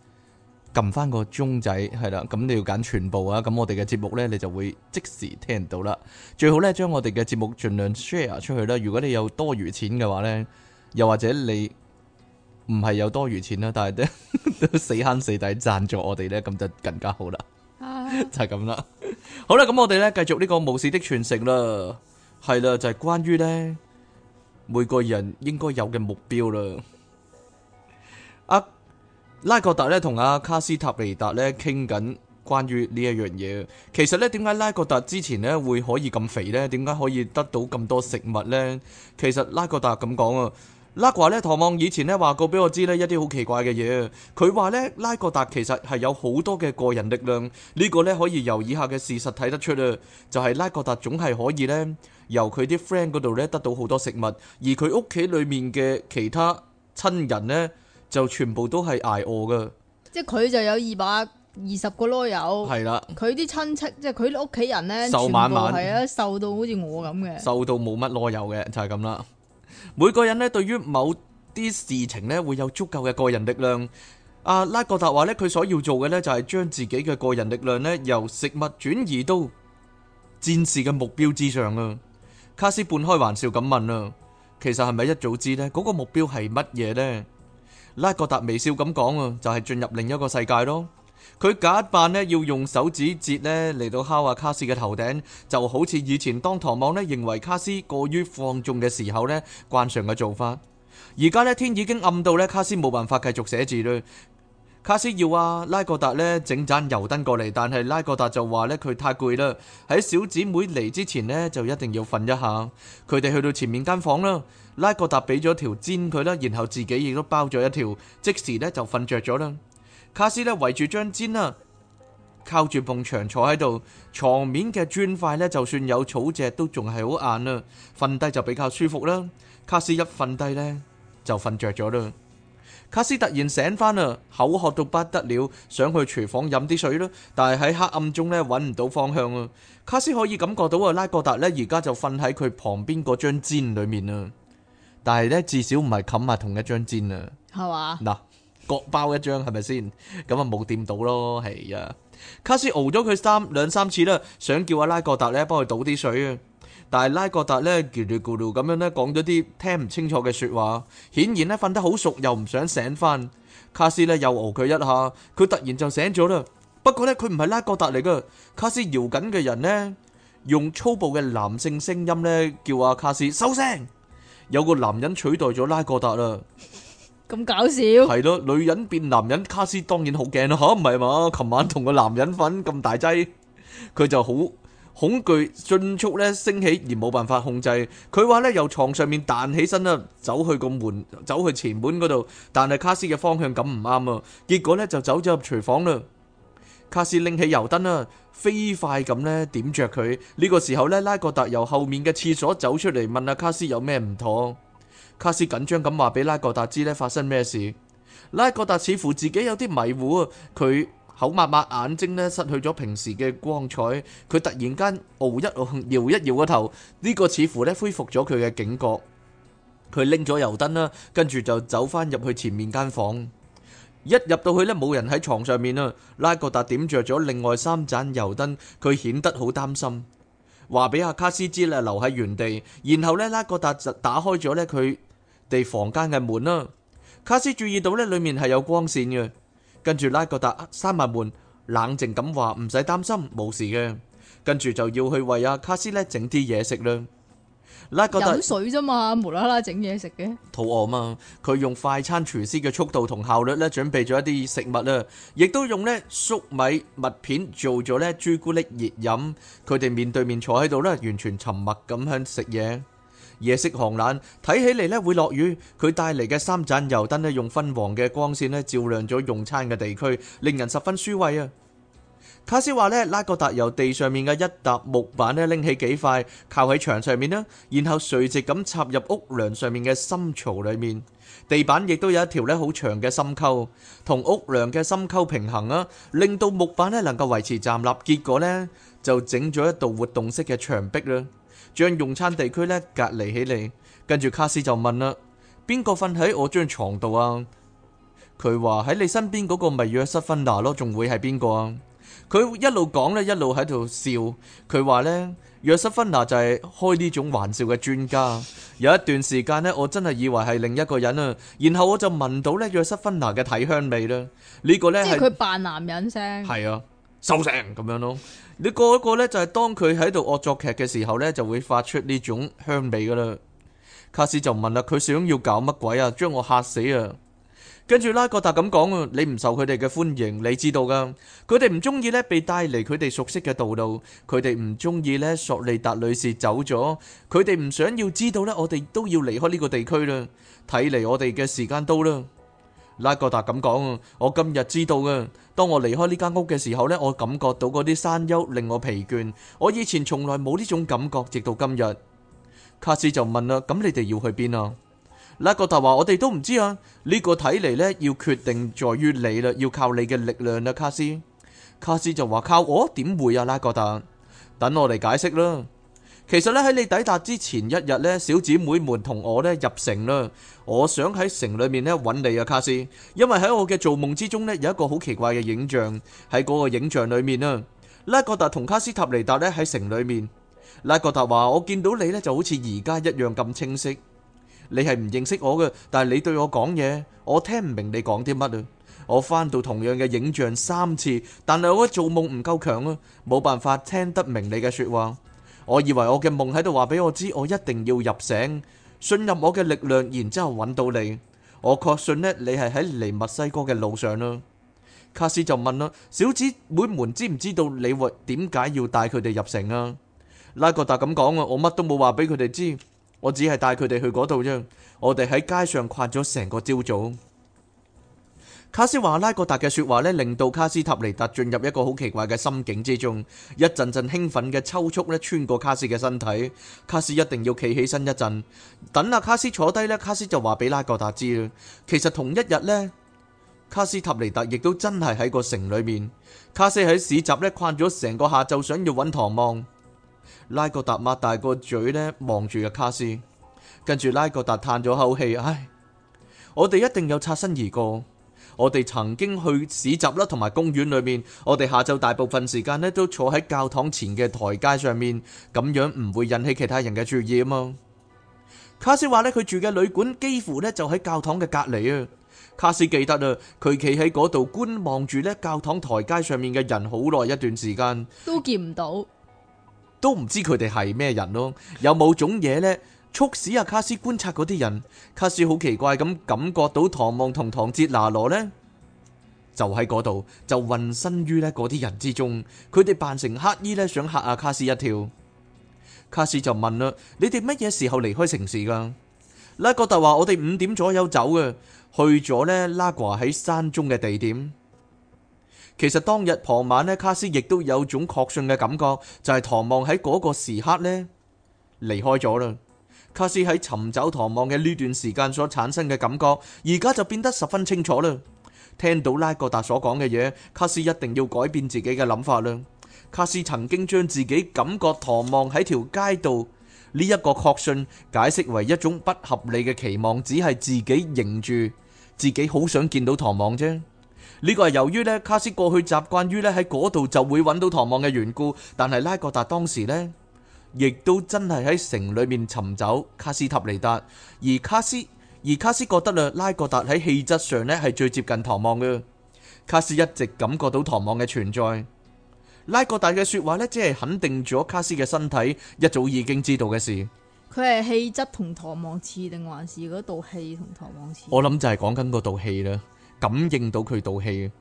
撳翻個鐘仔，係啦，咁你要揀全部啊，咁我哋嘅節目呢，你就會即時聽到啦。最好呢，將我哋嘅節目盡量 share 出去啦。如果你有多餘錢嘅話呢，又或者你唔係有多餘錢啦，但係 都死慳死抵贊助我哋呢，咁就更加好啦。 就係咁啦。好啦，咁我哋呢，繼續呢、這個巫士的傳承啦。係啦，就係、是、關於呢，每個人應該有嘅目標啦。拉格達咧同阿卡斯塔尼達咧傾緊關於呢一樣嘢。其實咧，點解拉格達之前咧會可以咁肥呢？點解可以得到咁多食物呢？其實拉格達咁講啊，拉華呢，唐望以前咧話過俾我知呢一啲好奇怪嘅嘢。佢話呢，拉格達其實係有好多嘅個人力量。呢個呢可以由以下嘅事實睇得出啊，就係拉格達總係可以呢，由佢啲 friend 嗰度呢得到好多食物，而佢屋企裏面嘅其他親人呢。就全部都係挨餓噶，即係佢就有二百二十個囉柚，係啦。佢啲親戚，即係佢屋企人咧，瘦蜢蜢係啦，瘦到好似我咁嘅，瘦到冇乜囉柚嘅，就係咁啦。每個人咧，對於某啲事情咧，會有足夠嘅個人力量。阿拉各達話咧，佢所要做嘅咧，就係將自己嘅個人力量咧，由食物轉移到戰士嘅目標之上啦。卡斯半開玩笑咁問啦，其實係咪一早知咧？嗰個目標係乜嘢咧？拉哥達微笑咁講啊，就係、是、進入另一個世界咯。佢假扮咧要用手指節咧嚟到敲下卡斯嘅頭頂，就好似以前當唐望咧認為卡斯過於放縱嘅時候咧慣常嘅做法。而家咧，天已經暗到咧，卡斯冇辦法繼續寫字嘞。卡斯要阿拉各達呢整盞油燈過嚟，但係拉各達就話呢，佢太攰啦，喺小姐妹嚟之前呢，就一定要瞓一下。佢哋去到前面間房啦，拉各達俾咗條氈佢啦，然後自己亦都包咗一條，即時呢就瞓着咗啦。卡斯呢圍住張氈啦，靠住埲牆坐喺度，床面嘅磚塊呢，就算有草蓆都仲係好硬啦，瞓低就比較舒服啦。卡斯一瞓低呢，就瞓着咗啦。卡斯突然醒翻啦，口渴到不得了，想去廚房飲啲水啦。但係喺黑暗中咧，揾唔到方向啊。卡斯可以感覺到啊，拉各達咧而家就瞓喺佢旁邊嗰張氈裏面啊。但係咧，至少唔係冚埋同一張氈啊，係嘛？嗱，各包一張，係咪先咁啊？冇掂到咯。係啊。卡斯熬咗佢三兩三次啦，想叫啊拉各達咧幫佢倒啲水啊。但係拉格達咧咕嚕咕嚕咁樣咧講咗啲聽唔清楚嘅說話，顯然咧瞓得好熟，又唔想醒翻。卡斯咧又搖佢一下，佢突然就醒咗啦。不過咧佢唔係拉格達嚟噶，卡斯搖緊嘅人咧用粗暴嘅男性聲音咧叫阿卡斯收聲。有個男人取代咗拉格達啦，咁搞笑係咯，女人變男人，卡斯當然好驚啦吓，唔係嘛？琴晚同個男人瞓咁大劑，佢就好。恐懼迅速咧升起，而冇辦法控制，佢話咧由床上面彈起身啦，走去個門，走去前門嗰度，但係卡斯嘅方向感唔啱啊，結果咧就走咗入廚房啦。卡斯拎起油燈啦，飛快咁咧點着佢。呢、這個時候咧，拉格達由後面嘅廁所走出嚟，問阿卡斯有咩唔妥。卡斯緊張咁話俾拉格達知咧發生咩事。拉格達似乎自己有啲迷糊啊，佢。口抹抹，眼睛咧失去咗平時嘅光彩。佢突然間搖一搖，搖一搖個頭，呢個似乎咧恢復咗佢嘅警覺。佢拎咗油燈啦，跟住就走返入去前面間房。一入到去咧，冇人喺床上面啦。拉格達點着咗另外三盞油燈，佢顯得好擔心，話俾阿卡斯知啦，留喺原地。然後咧，拉格達就打開咗咧佢哋房間嘅門啦。卡斯注意到咧，裏面係有光線嘅。跟住拉哥達閂埋門，冷靜咁話唔使擔心，冇事嘅。跟住就要去為阿卡斯咧整啲嘢食啦。拉哥達飲水啫嘛，無啦啦整嘢食嘅。肚餓嘛，佢用快餐廚師嘅速度同效率咧，準備咗一啲食物啦，亦都用咧粟米麥片做咗咧朱古力熱飲。佢哋面對面坐喺度咧，完全沉默咁樣食嘢。夜色寒冷，睇起嚟咧會落雨。佢帶嚟嘅三盞油燈咧，用昏黃嘅光線咧照亮咗用餐嘅地區，令人十分舒慰啊！卡斯話咧，拉格達由地上面嘅一沓木板咧，拎起幾塊靠喺牆上面啦，然後垂直咁插入屋梁上面嘅深槽裡面。地板亦都有一條咧好長嘅深溝，同屋梁嘅深溝平衡啊，令到木板咧能夠維持站立。結果咧就整咗一道活動式嘅牆壁啦。將用餐地區咧隔離起嚟，跟住卡斯就問啦：邊個瞓喺我張床度啊？佢話喺你身邊嗰個咪約瑟芬娜咯，仲會係邊個啊？佢一路講咧，一路喺度笑。佢話呢約瑟芬娜就係開呢種玩笑嘅專家。有一段時間呢，我真係以為係另一個人啊。然後我就聞到咧約瑟芬娜嘅體香味啦。呢個呢，即係佢扮男人聲。係啊。收聲咁樣咯，你個一個呢，就係當佢喺度惡作劇嘅時候呢，就會發出呢種香味噶啦。卡斯就問啦：佢想要搞乜鬼啊？將我嚇死啊！跟住拉各達咁講啊：你唔受佢哋嘅歡迎，你知道噶。佢哋唔中意呢，被帶嚟佢哋熟悉嘅道路，佢哋唔中意呢，索利達女士走咗，佢哋唔想要知道呢，我哋都要離開呢個地區啦。睇嚟我哋嘅時間到啦。拉格達咁講，我今日知道嘅。當我離開呢間屋嘅時候呢，我感覺到嗰啲山丘令我疲倦。我以前從來冇呢種感覺，直到今日。卡斯就問啦：咁、啊、你哋要去邊啊？拉格達話：我哋都唔知啊。呢個睇嚟呢，要決定在於你啦，要靠你嘅力量啦。卡斯，卡斯就話：靠我？點會啊？拉格達，等我嚟解釋啦。其實咧喺你抵達之前一日咧，小姐妹們同我咧入城啦。我想喺城裏面咧揾你啊，卡斯。因為喺我嘅做夢之中咧有一個好奇怪嘅影像。喺嗰個影像裏面啊，拉各達同卡斯塔尼達咧喺城裏面。拉各達話：我見到你咧就好似而家一樣咁清晰。你係唔認識我嘅，但係你對我講嘢，我聽唔明你講啲乜啊。我翻到同樣嘅影像三次，但係我嘅做夢唔夠強啊，冇辦法聽得明你嘅說話。我以為我嘅夢喺度話俾我知，我一定要入城，信任我嘅力量，然之後搵到你。我確信咧，你係喺嚟墨西哥嘅路上啦。卡斯就問啦，小姐妹們知唔知道你為點解要帶佢哋入城啊？拉格達咁講啊，我乜都冇話俾佢哋知，我只係帶佢哋去嗰度啫。我哋喺街上逛咗成個朝早。卡斯話拉各達嘅說話咧，令到卡斯塔尼達進入一個好奇怪嘅心境之中，一陣陣興奮嘅抽搐咧穿過卡斯嘅身體。卡斯一定要企起身一陣，等阿卡斯坐低呢，卡斯就話俾拉各達知啦。其實同一日呢，卡斯塔尼達亦都真係喺個城裏面。卡斯喺市集呢，逛咗成個下晝，想要揾唐望。拉各達擘大個嘴呢，望住阿卡斯，跟住拉各達嘆咗口氣：唉，我哋一定有擦身而過。我哋曾經去市集啦，同埋公園裏面，我哋下晝大部分時間咧都坐喺教堂前嘅台階上面，咁樣唔會引起其他人嘅注意啊嘛。卡斯話呢，佢住嘅旅館幾乎呢就喺教堂嘅隔籬啊。卡斯記得啊，佢企喺嗰度觀望住呢教堂台階上面嘅人好耐一段時間，都見唔到，都唔知佢哋係咩人咯，有冇種嘢呢？促使阿卡斯觀察嗰啲人，卡斯好奇怪咁感覺到唐望同唐哲拿羅呢，就喺嗰度就混身於呢嗰啲人之中，佢哋扮成乞衣呢，想嚇吓阿卡斯一跳。卡斯就問啦：你哋乜嘢時候離開城市噶？拉哥特話：我哋五點左右走嘅，去咗呢拉瓜喺山中嘅地點。其實當日傍晚呢，卡斯亦都有種確信嘅感覺，就係唐望喺嗰個時刻呢離開咗啦。卡斯喺尋找唐望嘅呢段時間所產生嘅感覺，而家就變得十分清楚啦。聽到拉各達所講嘅嘢，卡斯一定要改變自己嘅諗法啦。卡斯曾經將自己感覺唐望喺條街度，呢一個確信，解釋為一種不合理嘅期望，只係自己認住，自己好想見到唐望啫。呢個係由於呢，卡斯過去習慣於呢喺嗰度就會揾到唐望嘅緣故，但係拉各達當時呢。亦都真係喺城裏面尋找卡斯塔尼達，而卡斯而卡斯覺得咧，拉各達喺氣質上咧係最接近唐望嘅。卡斯一直感覺到唐望嘅存在。拉各達嘅說話咧，只係肯定咗卡斯嘅身體一早已經知道嘅事。佢係氣質同唐望似，定還是嗰道氣同唐望似？我諗就係講緊嗰道氣啦，感應到佢道氣。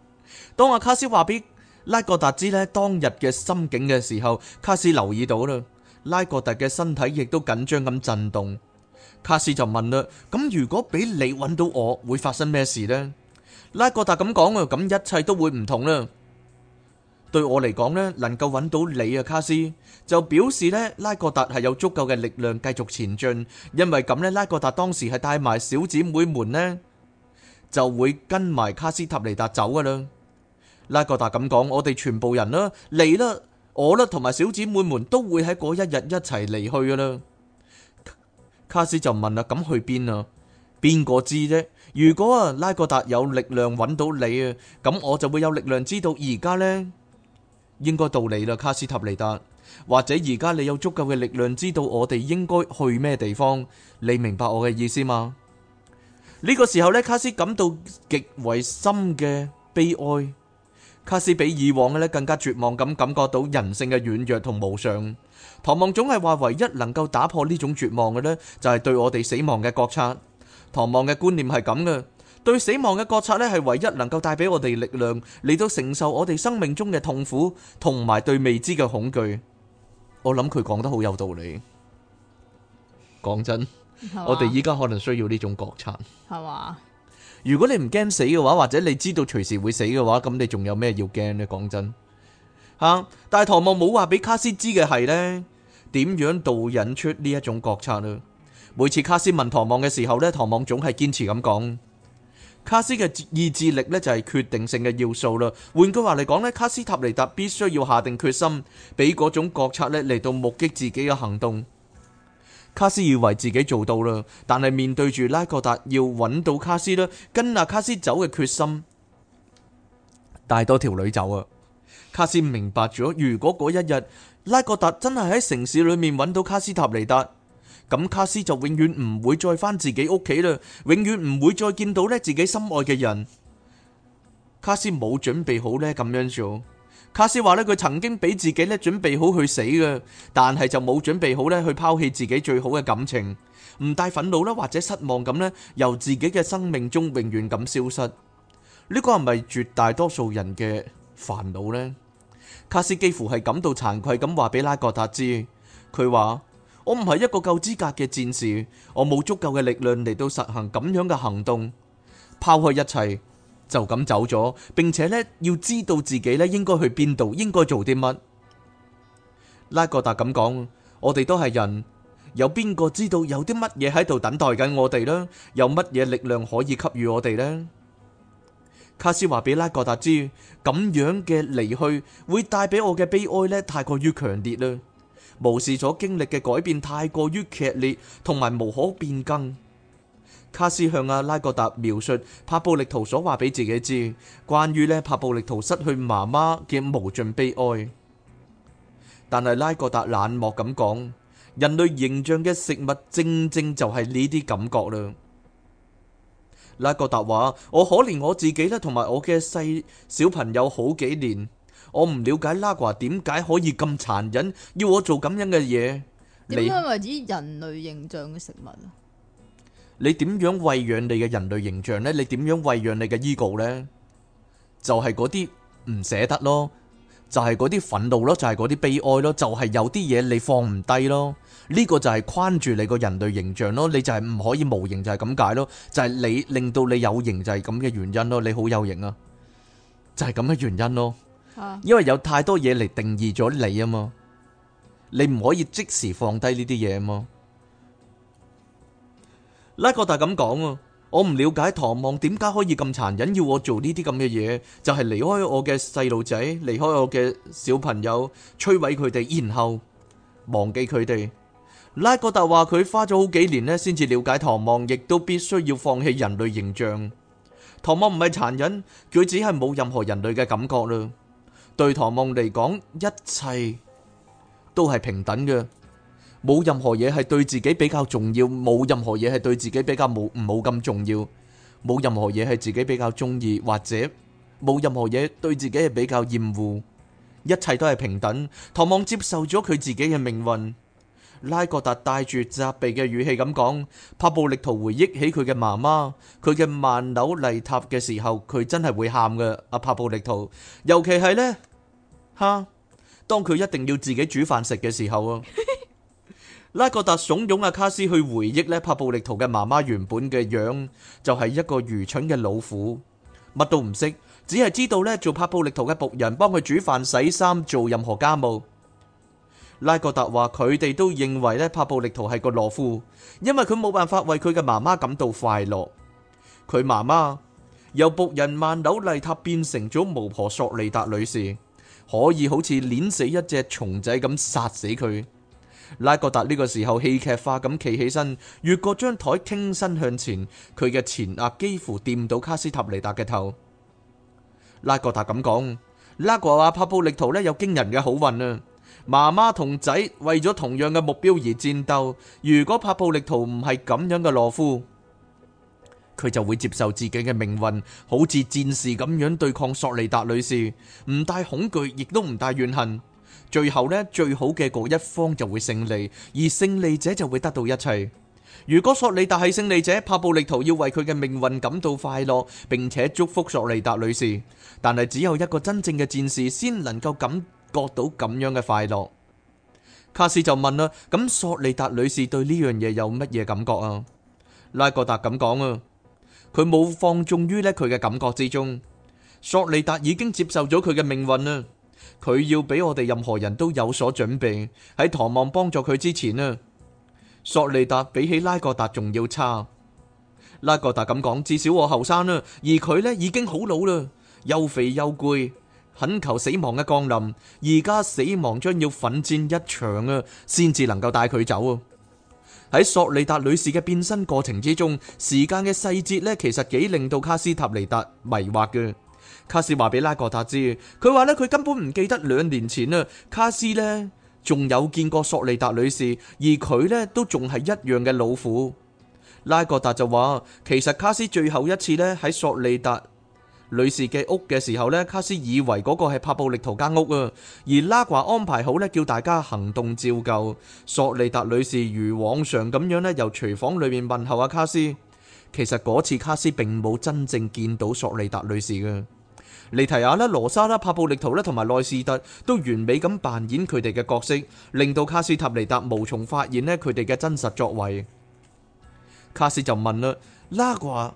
當阿卡斯話俾拉各達知呢當日嘅心境嘅時候，卡斯留意到啦。拉格達嘅身體亦都緊張咁震動，卡斯就問啦：咁如果俾你揾到我，會發生咩事咧？拉格達咁講啊，咁一切都會唔同啦。對我嚟講咧，能夠揾到你啊，卡斯就表示咧，拉格達係有足夠嘅力量繼續前進，因為咁咧，拉格達當時係帶埋小姐妹們咧，就會跟埋卡斯塔尼達走噶啦。拉格達咁講，我哋全部人啦嚟啦。我啦，同埋小姐妹們都會喺嗰一日一齊離去噶啦。卡斯就問啦：咁去邊啊？邊個知啫？如果啊，拉格達有力量揾到你啊，咁我就會有力量知道而家呢應該到你啦。卡斯塔尼達，或者而家你有足夠嘅力量知道我哋應該去咩地方？你明白我嘅意思嗎？呢個時候呢，卡斯感到極為深嘅悲哀。卡斯比以往嘅咧，更加絕望咁感覺到人性嘅軟弱同無常。唐望總係話，唯一能夠打破呢種絕望嘅呢，就係對我哋死亡嘅覺察。唐望嘅觀念係咁嘅，對死亡嘅覺察呢，係唯一能夠帶俾我哋力量嚟到承受我哋生命中嘅痛苦同埋對未知嘅恐懼。我諗佢講得好有道理。講真，我哋依家可能需要呢種覺察，係嘛？如果你唔驚死嘅話，或者你知道隨時會死嘅話，咁你仲有咩要驚呢？講真吓，但係唐望冇話俾卡斯知嘅係呢，點樣導引出呢一種決策咧？每次卡斯問唐望嘅時候呢，唐望總係堅持咁講，卡斯嘅意志力呢，就係決定性嘅要素啦。換句話嚟講呢，卡斯塔尼達必須要下定決心，俾嗰種決策咧嚟到目擊自己嘅行動。卡斯以為自己做到啦，但係面對住拉各達要揾到卡斯啦，跟阿卡斯走嘅決心，帶多條女走啊！卡斯明白咗，如果嗰一日拉各達真係喺城市裏面揾到卡斯塔尼達，咁卡斯就永遠唔會再返自己屋企啦，永遠唔會再見到呢自己心愛嘅人。卡斯冇準備好呢咁樣做。卡斯話咧，佢曾經俾自己咧準備好去死嘅，但係就冇準備好咧去拋棄自己最好嘅感情，唔帶憤怒啦或者失望咁咧，由自己嘅生命中永遠咁消失。呢個係咪絕大多數人嘅煩惱呢？卡斯幾乎係感到慚愧咁話俾拉各達知，佢話，我唔係一個夠資格嘅戰士，我冇足夠嘅力量嚟到實行咁樣嘅行動，拋開一切，就咁走咗，並且呢，要知道自己呢應該去邊度，應該做啲乜。拉格達咁講，我哋都係人，有邊個知道有啲乜嘢喺度等待緊我哋呢？有乜嘢力量可以給予我哋呢？卡斯話俾拉格達知，咁樣嘅離去會帶俾我嘅悲哀呢，太過於強烈啦。無視所經歷嘅改變太過於劇烈，同埋無可變更。卡斯向阿拉格達描述帕布力圖所話俾自己知，關於呢帕布力圖失去媽媽嘅無盡悲哀。但係拉格達冷漠咁講，人類形象嘅食物正正就係呢啲感覺啦。拉格達話：我可憐我自己啦，同埋我嘅細小朋友好幾年，我唔了解拉華點解可以咁殘忍，要我做咁樣嘅嘢。你係咪指人類形象嘅食物？你點樣餵養你嘅人類形象呢？你點樣餵養你嘅 ego 呢？就係嗰啲唔捨得咯，就係嗰啲憤怒咯，就係嗰啲悲哀咯，就係有啲嘢你放唔低咯。呢個就係框住你個人類形象咯，你就係唔可以無形就係咁解咯，就係你令到你有形就係咁嘅原因咯。你好有型啊，就係咁嘅原因咯。啊，因為有太多嘢嚟定義咗你啊嘛，你唔可以即時放低呢啲嘢啊嘛。拉格達咁講啊，我唔了解唐望點解可以咁殘忍，要我做呢啲咁嘅嘢，就係離開我嘅細路仔，離開我嘅小朋友，摧毀佢哋，然後忘記佢哋。拉格達話佢花咗好幾年咧，先至了解唐望，亦都必須要放棄人類形象。唐望唔係殘忍，佢只係冇任何人類嘅感覺啦。對唐望嚟講，一切都係平等嘅。冇任何嘢係對自己比較重要，冇任何嘢係對自己比較冇冇咁重要，冇任何嘢係自己比較中意，或者冇任何嘢對自己係比較厭惡，一切都係平等。唐望接受咗佢自己嘅命運。拉格達帶住責備嘅語氣咁講，帕布力圖回憶起佢嘅媽媽，佢嘅萬樓麗塔嘅時候，佢真係會喊嘅。阿帕布力圖，尤其係呢吓，當佢一定要自己煮飯食嘅時候啊。拉各達慫恿阿卡斯去回憶呢，帕布力圖嘅媽媽原本嘅樣，就係一個愚蠢嘅老婦。乜都唔識，只係知道呢，做帕布力圖嘅僕人，幫佢煮飯、洗衫、做任何家務。拉各達話佢哋都認為呢，帕布力圖係個懦夫，因為佢冇辦法為佢嘅媽媽感到快樂。佢媽媽由僕人曼紐麗塔變成咗巫婆索利達女士，可以好似碾死一隻蟲仔咁殺死佢。拉各達呢個時候戲劇化咁企起身，越過張台，傾身向前，佢嘅前額幾乎掂到卡斯塔尼達嘅頭。拉各達咁講，拉各話帕布力圖呢有驚人嘅好運啊！媽媽同仔為咗同樣嘅目標而戰鬥。如果帕布力圖唔係咁樣嘅懦夫，佢就會接受自己嘅命運，好似戰士咁樣對抗索利達女士，唔帶恐懼，亦都唔帶怨恨。最後呢，最好嘅嗰一方就會勝利，而勝利者就會得到一切。如果索利達係勝利者，帕布力圖要為佢嘅命運感到快樂，並且祝福索利達女士。但係只有一個真正嘅戰士先能夠感覺到咁樣嘅快樂。卡斯就問啦，咁索利達女士對呢樣嘢有乜嘢感覺啊？拉各達咁講啊，佢冇放縱於呢佢嘅感覺之中。索利達已經接受咗佢嘅命運啦。佢要俾我哋任何人都有所準備，喺唐望幫助佢之前，呢索利達比起拉各達仲要差。拉各達咁講，至少我後生啦，而佢呢已經好老啦，又肥又攰，懇求死亡嘅降臨。而家死亡將要奮戰一場啊，先至能夠帶佢走啊。喺索利達女士嘅變身過程之中，時間嘅細節呢，其實幾令到卡斯塔尼達迷惑嘅。卡斯話俾拉格達知，佢話咧，佢根本唔記得兩年前啊。卡斯呢，仲有見過索利達女士，而佢呢，都仲係一樣嘅老虎。拉格達就話，其實卡斯最後一次呢，喺索利達女士嘅屋嘅時候呢，卡斯以為嗰個係帕布力圖間屋啊。而拉華安排好呢，叫大家行動照舊。索利達女士如往常咁樣呢，由廚房裏面問候阿、啊、卡斯。其實嗰次卡斯並冇真正見到索利達女士嘅。尼提亞啦、羅莎啦、帕布力圖啦同埋內斯特都完美咁扮演佢哋嘅角色，令到卡斯塔尼達無從發現咧佢哋嘅真實作為。卡斯就問啦：拉掛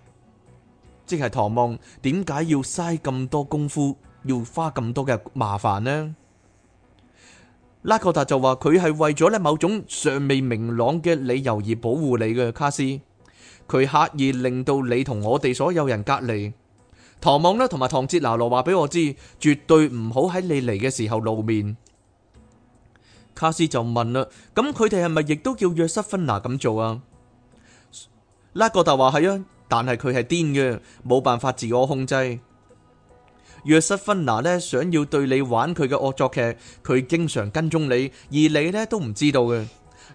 即係唐望，點解要嘥咁多功夫，要花咁多嘅麻煩呢？拉克達就話：佢係為咗咧某種尚未明朗嘅理由而保護你嘅卡斯，佢刻意令到你同我哋所有人隔離。唐望咧，同埋唐哲拿羅話俾我知，絕對唔好喺你嚟嘅時候露面。卡斯就問啦：咁佢哋係咪亦都叫約瑟芬娜咁做啊？拉哥達話係啊，但係佢係癲嘅，冇辦法自我控制。約瑟芬娜呢，想要對你玩佢嘅惡作劇，佢經常跟蹤你，而你呢都唔知道嘅。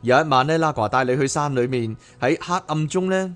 有一晚呢，拉哥帶你去山裏面，喺黑暗中呢。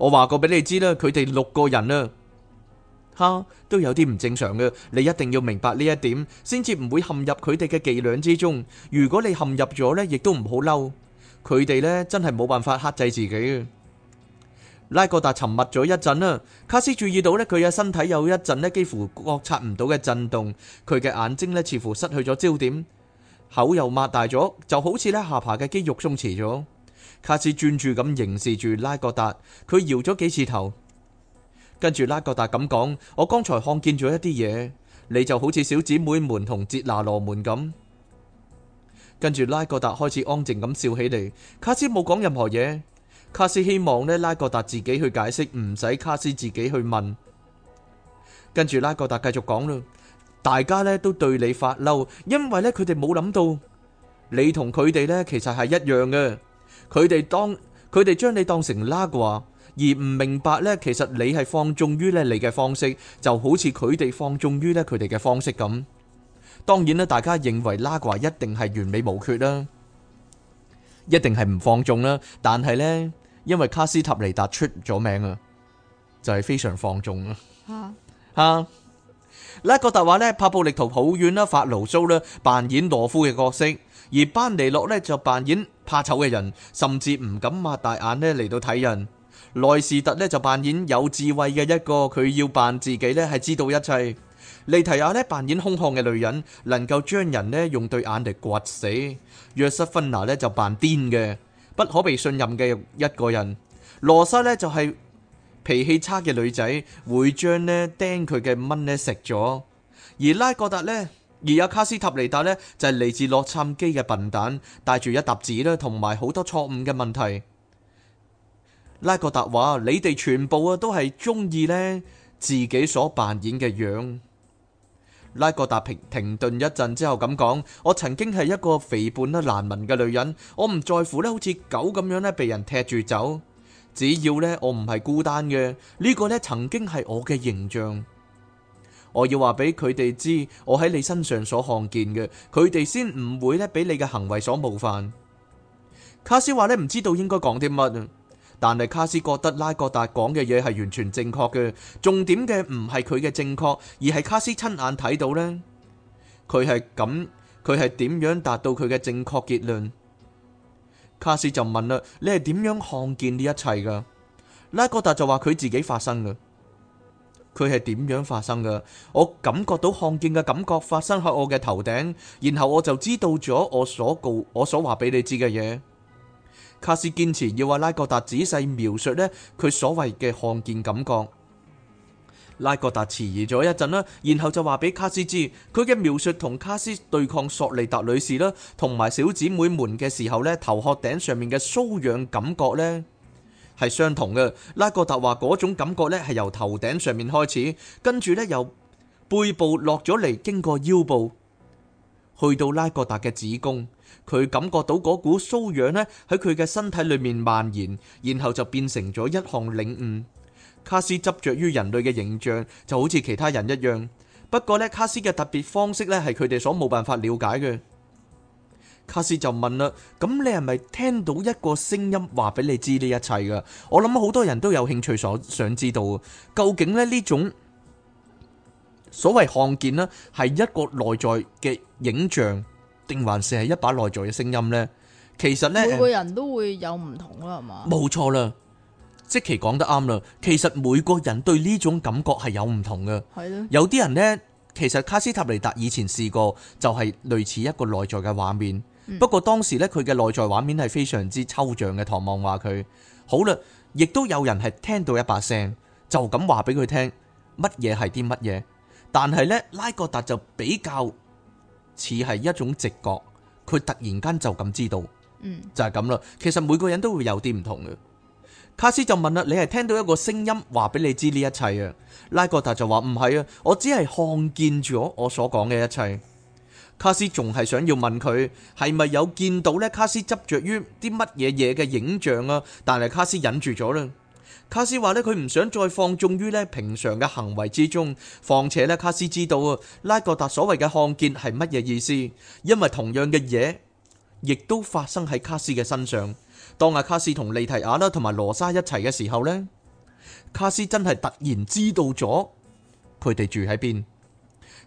我話過俾你知啦，佢哋六個人啊，吓都有啲唔正常嘅，你一定要明白呢一點，先至唔會陷入佢哋嘅伎倆之中。如果你陷入咗呢，亦都唔好嬲，佢哋呢，真係冇辦法克制自己。拉哥達沉默咗一陣啊，卡斯注意到呢，佢嘅身體有一陣呢，幾乎覺察唔到嘅震動，佢嘅眼睛呢，似乎失去咗焦點，口又擘大咗，就好似呢，下巴嘅肌肉鬆弛咗。卡斯專注咁凝視住拉各達，佢搖咗幾次頭，跟住拉各達咁講：我剛才看見咗一啲嘢，你就好似小姐妹們同哲拿羅們咁。跟住拉各達開始安靜咁笑起嚟，卡斯冇講任何嘢。卡斯希望呢，拉各達自己去解釋，唔使卡斯自己去問。跟住拉各達繼續講嘞：「大家呢都對你發嬲，因為呢，佢哋冇諗到你同佢哋呢其實係一樣嘅。佢哋當佢哋將你當成拉瓜，而唔明白咧，其實你係放縱於咧你嘅方式，就好似佢哋放縱於咧佢哋嘅方式咁。當然咧，大家認為拉瓜一定係完美無缺啦，一定係唔放縱啦。但係咧，因為卡斯塔尼達出咗名啊，就係非常放縱啦。吓吓，拉葛達話咧，帕布力圖好遠啦，發牢騷啦，扮演懦夫嘅角色。而班尼洛呢，就扮演怕醜嘅人，甚至唔敢擘大眼呢嚟到睇人。內士特呢，就扮演有智慧嘅一個，佢要扮自己呢，係知道一切。利提亞呢，扮演凶悍嘅女人，能夠將人呢用對眼嚟刮死。約瑟芬娜呢，就扮癲嘅，不可被信任嘅一個人。羅莎呢，就係脾氣差嘅女仔，會將呢釘佢嘅蚊呢食咗。而拉哥達呢。而阿卡斯塔尼達呢，就係、是、嚟自洛杉磯嘅笨蛋，帶住一沓紙啦，同埋好多錯誤嘅問題。拉各達話：你哋全部啊都係中意呢自己所扮演嘅樣。拉各達停停頓一陣之後咁講：我曾經係一個肥胖得難聞嘅女人，我唔在乎呢好似狗咁樣咧被人踢住走，只要呢我唔係孤單嘅，呢、這個呢曾經係我嘅形象。我要話俾佢哋知，我喺你身上所看見嘅，佢哋先唔會咧，俾你嘅行為所冒犯。卡斯話咧，唔知道應該講啲乜，但係卡斯覺得拉各達講嘅嘢係完全正確嘅，重點嘅唔係佢嘅正確，而係卡斯親眼睇到呢。佢係咁，佢係點樣達到佢嘅正確結論？卡斯就問啦，你係點樣看見呢一切噶？拉各達就話佢自己發生噶。佢係點樣發生噶？我感覺到看見嘅感覺發生喺我嘅頭頂，然後我就知道咗我所告我所話俾你知嘅嘢。卡斯堅持要阿拉格達仔細描述呢，佢所謂嘅看見感覺。拉格達遲疑咗一陣啦，然後就話俾卡斯知佢嘅描述同卡斯對抗索利達女士啦，同埋小姐妹們嘅時候呢，頭殼頂上面嘅搔癢感覺呢，係相同嘅，拉格達話嗰種感覺呢，係由頭頂上面開始，跟住呢由背部落咗嚟，經過腰部，去到拉格達嘅子宮，佢感覺到嗰股瘙癢呢，喺佢嘅身體裏面蔓延，然後就變成咗一項領悟。卡斯執着於人類嘅形象，就好似其他人一樣，不過呢，卡斯嘅特別方式呢，係佢哋所冇辦法了解嘅。卡斯就問啦：咁你係咪聽到一個聲音話俾你知呢一切嘅？我諗好多人都有興趣所想知道，究竟呢呢種所謂看見呢係一個內在嘅影像，定還是係一把內在嘅聲音呢？其實呢，每個人都會有唔同啦，係嘛？冇錯啦，即其講得啱啦。其實每個人對呢種感覺係有唔同嘅。係咯，有啲人呢，其實卡斯塔尼達以前試過，就係類似一個內在嘅畫面。不過當時咧，佢嘅內在畫面係非常之抽象嘅。唐望話佢好啦，亦都有人係聽到一把聲，就咁話俾佢聽乜嘢係啲乜嘢。但係呢，拉格達就比較似係一種直覺，佢突然間就咁知道，嗯，就係咁啦。其實每個人都會有啲唔同嘅。卡斯就問啦，你係聽到一個聲音話俾你知呢一切啊？拉格達就話唔係啊，我只係看見咗我所講嘅一切。卡斯仲係想要問佢係咪有見到咧？卡斯執着於啲乜嘢嘢嘅影像啊！但係卡斯忍住咗啦。卡斯話咧佢唔想再放縱於呢平常嘅行為之中，況且咧卡斯知道啊拉各達所謂嘅看見係乜嘢意思，因為同樣嘅嘢亦都發生喺卡斯嘅身上。當阿卡斯同莉提亞啦同埋羅莎一齊嘅時候呢，卡斯真係突然知道咗佢哋住喺邊。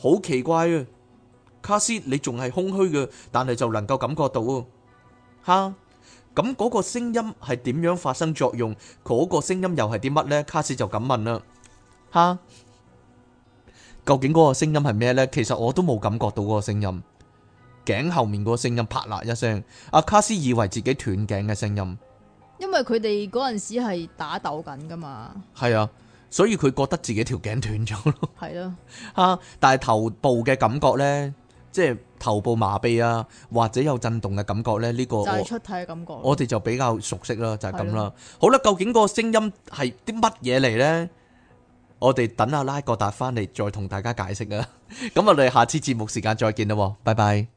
好奇怪啊！卡斯，你仲係空虛嘅，但係就能夠感覺到啊。吓，咁嗰個聲音係點樣發生作用？嗰個聲音又係啲乜呢？卡斯就咁問啦。吓，究竟嗰個聲音係咩呢？其實我都冇感覺到嗰個聲音。頸後面嗰個聲音啪啦一聲，阿卡斯以為自己斷頸嘅聲音。因為佢哋嗰陣時係打鬥緊噶嘛。係啊。所以佢覺得自己條頸斷咗咯，係咯，嚇，但係頭部嘅感覺呢，即係頭部麻痹啊，或者有震動嘅感覺呢，呢、呢個出體嘅感覺。我哋就比較熟悉啦，就係咁啦。對了 好啦，究竟個聲音係啲乜嘢嚟呢？我哋等阿拉各達翻嚟再同大家解釋啊。咁 我哋下次節目時間再見啦，拜拜。